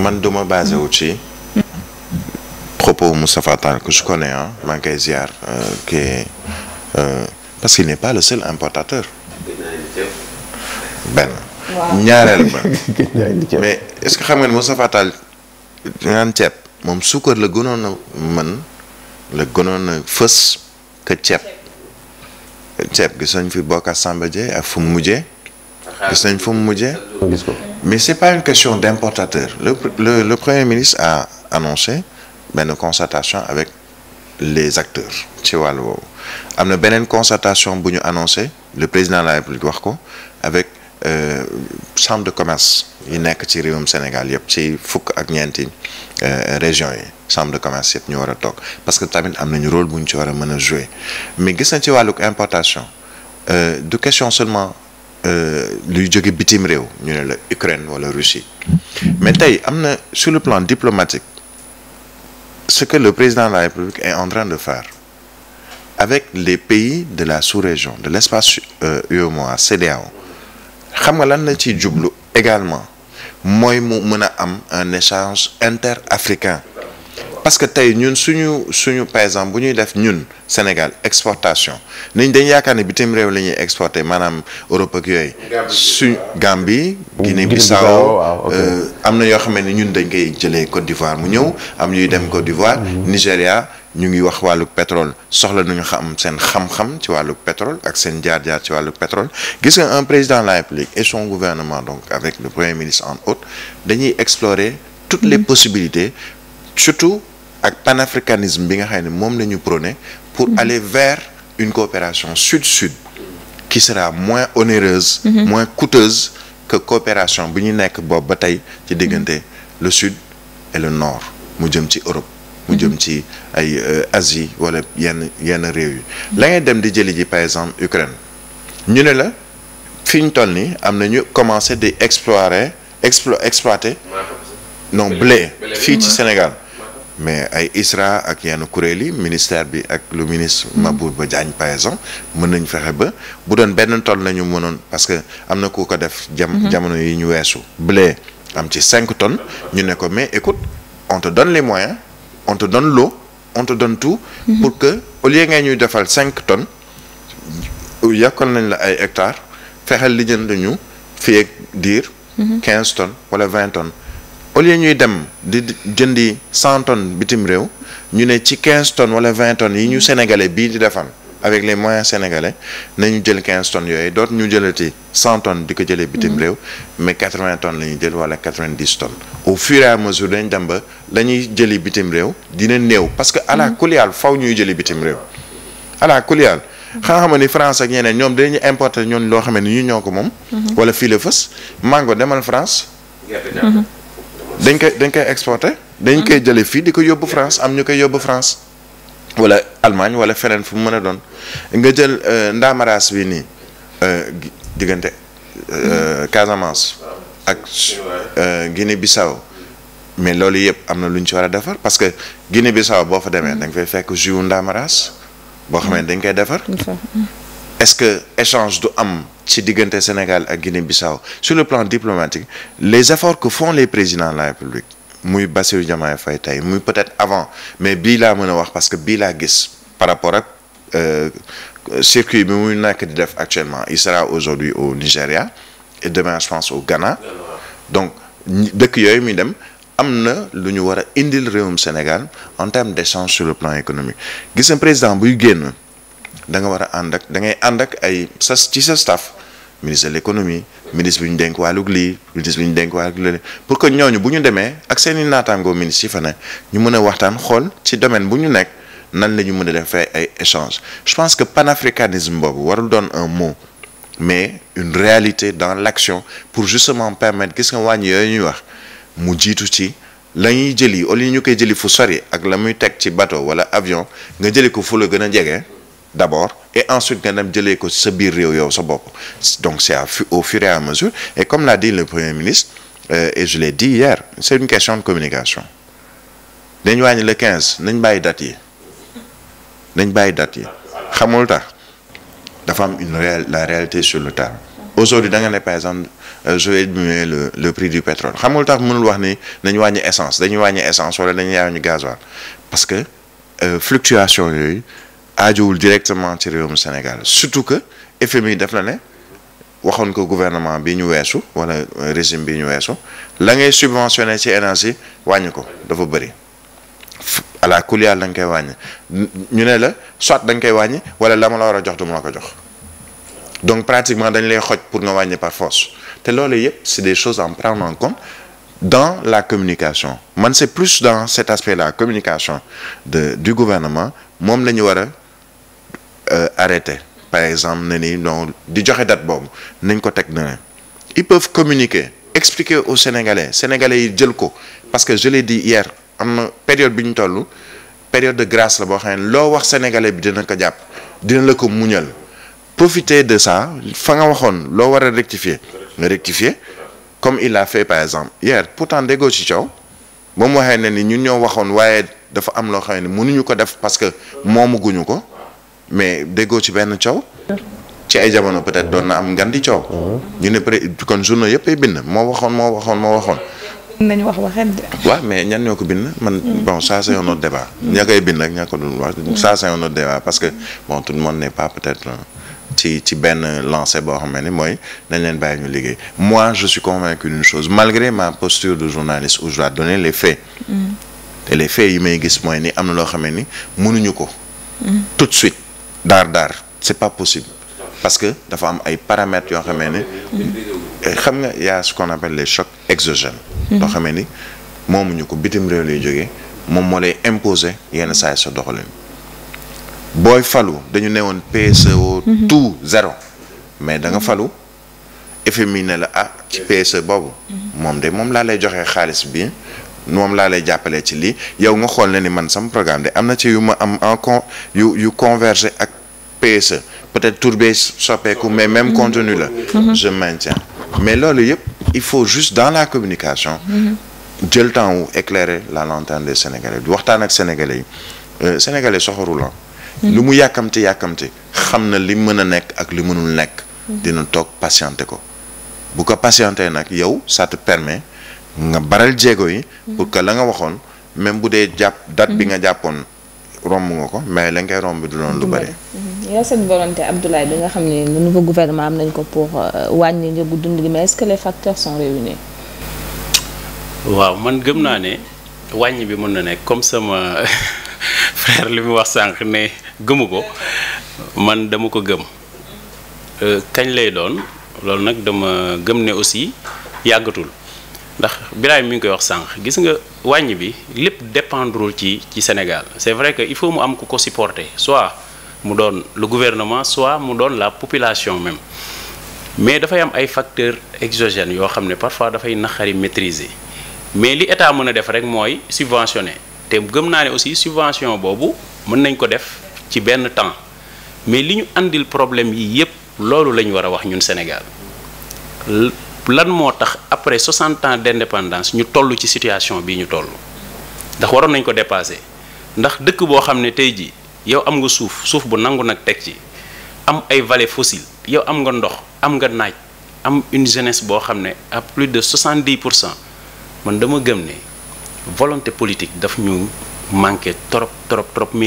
man duma basé wu ci propos Moustapha Tall que je connais ah maa ngi koy ziar euh, que euh, parce qu'il pas le seul importateur benn ñaareel ba mais est xam nga ne Moustapha Tall naan ceeb moom suukar la gënoon a mën la gënoon a fës que ceeb ceeb gi soñ fi bokk Samba ak fu mu mujjee gis nañ mu mujjee. gis ko mais c'est pas une question d'importateur le, le le premier ministre a annoncé benn concertation avec les acteurs ci wàllu woowu am na beneen concertation bu ñu annoncé le président de la république wax ko avec euh, chambre de commerce yi nekk ci réewum Sénégal yëpp ci fukk ak ñeenti euh, régions yi chambre de commerce yëpp ñu war a toog parce que tamit am nañu rôle bu ñu ci war a mën a jouer mais gis na ci wàlluk importation euh, du question seulement Euh, luy jóge bitim réew ñu ne la Ukraine wala Russie mais tey am na sur le plan diplomatique ce que le président de la République est en train de faire avec les pays de la sous-région de l'espace UEMOA euh, CEDEAO xam nga lan la ciy jublu également mooy mu mën a am un échange interafricain parce que tey ñun suñu suñu par exemple bu ñuy def ñun Sénégal exportation niñ dañ yaakaar ne bitim réew la ñuy exporté maanaam Europe ak yooyu. suñ Gambie. Guinée Bissau euh, am na yoo xam ne ñun dañ koy jëlee Côte d'Ivoire mu ñëw am ñuy dem Côte d'Ivoire. Mm-hmm. Nigéria ñu ngi wax wàllu pétrole soxla nu ñu xam seen xam-xam ci wàllu pétrole ak seen jaar-jaar ci wàllu pétrole gis nga un président de la République et son gouvernement donc avec le premier ministre en haute dañuy explorer toutes les mm-hmm. possibilités surtout. ak panafricanisme bi nga xam ne moom la ñu prôné pour mhm. aller vers une coopération sud-sud qui sera moins onéreuse mhm. moins coûteuse que coopération bi ñu nekk boobu ba tey ci diggante le sud et le nord mu jëm ci Europe mu mhm. jëm ci ay euh, Asie wala yenn yenn réew yi la ngay dem di jëli ji par exemple Ukraine ñu ne la fi ñu toll nii am na ñu commencé di explorer explo exploiter non blé fii ci Sénégal mais ay ISRA ak yenn kuréel yi ministère bi ak lu ministre hmm. Mabouba ba par exemple mën nañ fexe ba bu doon benn tool nañu mënoon parce que am na ku ko def jam hmm. jamono yi ñu weesu blé am ci cinq tonnes ñu ne ko mais écoute on te donne les moyens on te donne l'eau on donne tout hmm. pour que au lieu ngay ñuy defal cinq tonnes yokkal nañ la ay hectares fexel li jënd ñu fii ak diir quinze tonnes wala vingt tonnes au lieu ñuy dem di jëndi cent tonnes bitim réew ñu ne ci quinze tonnes wala vingt tonnes yi ñu sénégalais bii di defar avec les moyens sénégalais nañu jël quinze tonnes yooyu doot ñu jëlati cent tonnes di ko jëlee bitim mhm. réew mais quatre vingt tonnes la ñuy jël wala quatre vingt dix ton au fur et à mesure dañ dem ba la ñuy jëli bitim réew dina néew parce que ala mhm. kuliyaal faw ñuy jëli bitim réew ala kuliyaal xam xam ni France ak ñeneen ñoom dañuy important ñoon loo xam ne ñu ñoo ko moom mhm. wala fii la fës mango demal France dañ koy dañ koy exporter dañ koy mm-hmm. jëlee fii di ko yóbbu France am ñu koy yóbbu France wala Allemagne wala feneen fu mu mën a doon nga jël euh, ndaamaraas bi nii euh, diggante euh, mm-hmm. Casamance ak Guinée Bissau mais loolu yëpp am na lu ñu ci war a defar parce que Guinée Bissau boo fa demee mm-hmm. da nga fekk jus ndaamaraas boo xam ne dañ koy defar. est-ce que échange du am ci diggante Sénégal ak Guinée-Bissau sur le plan diplomatique les efforts que font les présidents de la République muy Bassirou Diomaye fay tey muy peut-être avant mais bii laa mën a wax parce que bii laa gis par rapport ak euh, circuit bi muy nakk di def actuellement il sera aujourd'hui au Nigeria et demain je pense au Ghana donc dëkk yooyu muy dem am na lu ñu war a indil réewum Sénégal en terme d'échange sur le plan économique gis nga président buy génn da nga war a ànd ak da ngay ànd ak ay sa ci sa staff ministre de l'économie ministre bu ñu denk wàllug lii ministre bi ñu denk wàllug lële pour que ñooñu bu ñu demee ak seeni i naataangoo ministre yi fa ñu mën a waxtaan xool ci domaine bu ñu nekk nan la ñu mën a defee ay échange je pense que panafricanisme boobu warul doon un mot mais une réalité dans l'action pour justement permettre gis nga wàññi yooyu ñuy wax mu jiitu ci la ñuy jëli au lieu ñu koy jëli fu sori ak la muy teg ci bateau wala avion nga jëli ko fu la gën a jege d'abord et ensuite nga dem jëlee ko sa biir réew yow sa bopp donc c'est au fur et à mesure et comme l'a di le premier ministre euh, et je l'ai dit hier c'est une question de communication dañ wàññi le 15 nañ bàyyi date yi bàyyi date yi xamul tax dafa am une réelle la réalité sur le terrain aujourd'hui da nga ne par exemple euh, je vais le le prix du pétrole xamul tax mënul wax ni nañ wàññi essence dañuy wàññi essence wala dañuy wàññi gasoil parce que euh, fluctuation yooyu aajowul directement ci réewum Sénégal surtout que FMI def la ne waxoon ko gouvernement bi ñu weesu wala euh, régime bi ñu weesu la ngay subventionné ci énergie wàññi ko dafa bëri à la kulial koy wàññi ñu ne la soit da koy wàññi wala la ma la war a jox du ma la ko jox donc pratiquement dañ lay xoj pour nga wàññi par force te loolu yëpp c'est des choses à prendre en compte dans la communication man c'est plus dans cet aspect la communication de du gouvernement moom la ñu war a Euh, arrêté par exemple ne ni non di joxe date boobu nañ ko teg na ils peuvent communiquer expliquer aux sénégalais sénégalais yi jël ko parce que jele di dit hier am na période bi ñu toll période de grâce la boo xam ne loo wax sénégalais bi dina ko jàpp dina la ko muñal profiter de ça fa nga waxoon loo war a rectifier nga rectifier comme il l'a fait par exemple hier pourtant déggoo ci coow ba mu waxee ne ni ñun ñoo waxoon waaye dafa am loo xam ne mënuñu ko def parce que moomuguñu ko. mais déggoo ci benn coow. ci ay jamono peut-être doon na am ngan di coow. ñu ne pré kon journaux yëpp ay bind moo waxoon moo waxoon moo waxoon. nañ wax mais ñan ñoo ko bind. man bon ça c'est un ña koy bind ak ña ko dul wax ça c'est un autre que bon tout le monde n'est pas euh, ci benn lancé boo xam ne mooy dañ leen bàyyi ñu liggéey moi je suis convaincu d'une chose malgré ma posture de journaliste où je dois les faits. Mm. te les faits yi may gis mooy ni am na loo xam ne ni mënuñu ko. Mm. tout de suite. daar daar c'est pas possible parce que dafa am ay paramètres yoo xamee ne xam nga y a ce qu'on appelle les chocs exogènes mhm. yoo xamee ni moomuñu ko bitim réew lay jógee moom moo lay imposer yenn saa sa doxalin booy falu dañu ne woon PSEO mhm. tout zéro mais da nga mhm. falu FMI ne la ah ci PSE boobu moom de moom laa lay joxee xaalis bi moom laa lay jàppalee ci lii yow nga xool ne ni man sama programme de am na ci yu ma am en con yu yu converger ak PSE peut-être tur bee soppeeku mais même mm-hmm. contenu la mm-hmm. je maintiens mais loolu yëpp il faut juste dans la communication mm-hmm. jël temps wu la lanterne des Sénégalais du waxtaan ak Sénégalais yi euh, Sénégalais soxoru lu mu yàkkamti yàkkamti xam na li mën a nekk ak li mënul nekk dina toog patienter ko bu ko patienter nag yow ça te permet nga baral jéego yi. pour que la nga waxoon même bu dee jàpp date bi nga jàppoon romb nga ko mais la ngay romb du doon lu bëri. Mm-hmm. yow seen volonté Abdoulaye bi nga xam ne le nouveau gouvernement am nañ ko pour euh, wàññi njëgu dund gi mais est-ce que les facteurs sont waaw man gëm naa ne wàññi bi mën na nekk comme sama frère li mu wax sànq ne gëmu ko man dama ko gëm euh, kañ lay doon loolu nag dama gëm ne aussi yàggatul. ndax Birahim mi ngi koy wax sànq gis nga wàññ bi lépp dépendrul ci ci Sénégal c'est vrai que il faut mu am ku ko supporter soit mu doon le gouvernement soit mu doon la population même mais dafay am ay facteurs exogènes yoo xam ne parfois dafay naqari maîtriser mais li état mën a def rek mooy subventionner te gëm naa ne aussi subvention boobu mën nañ ko def ci benn temps mais li ñu indil problème yi yépp loolu la ñu war a wax ñun Sénégal lan moo tax après 60 ans d' indépendance ñu toll ci situation bii ñu toll ndax waroon nañ ko dépassé ndax dëkk boo xam ne tey jii yow am nga suuf suuf bu nangu nag teg ci am ay vallées fossiles yow am nga ndox am nga naaj am une jeunesse boo xam ne à plus de 70 pour cent man dama gëm ne volonté politique daf ñu manqué trop trop trop mais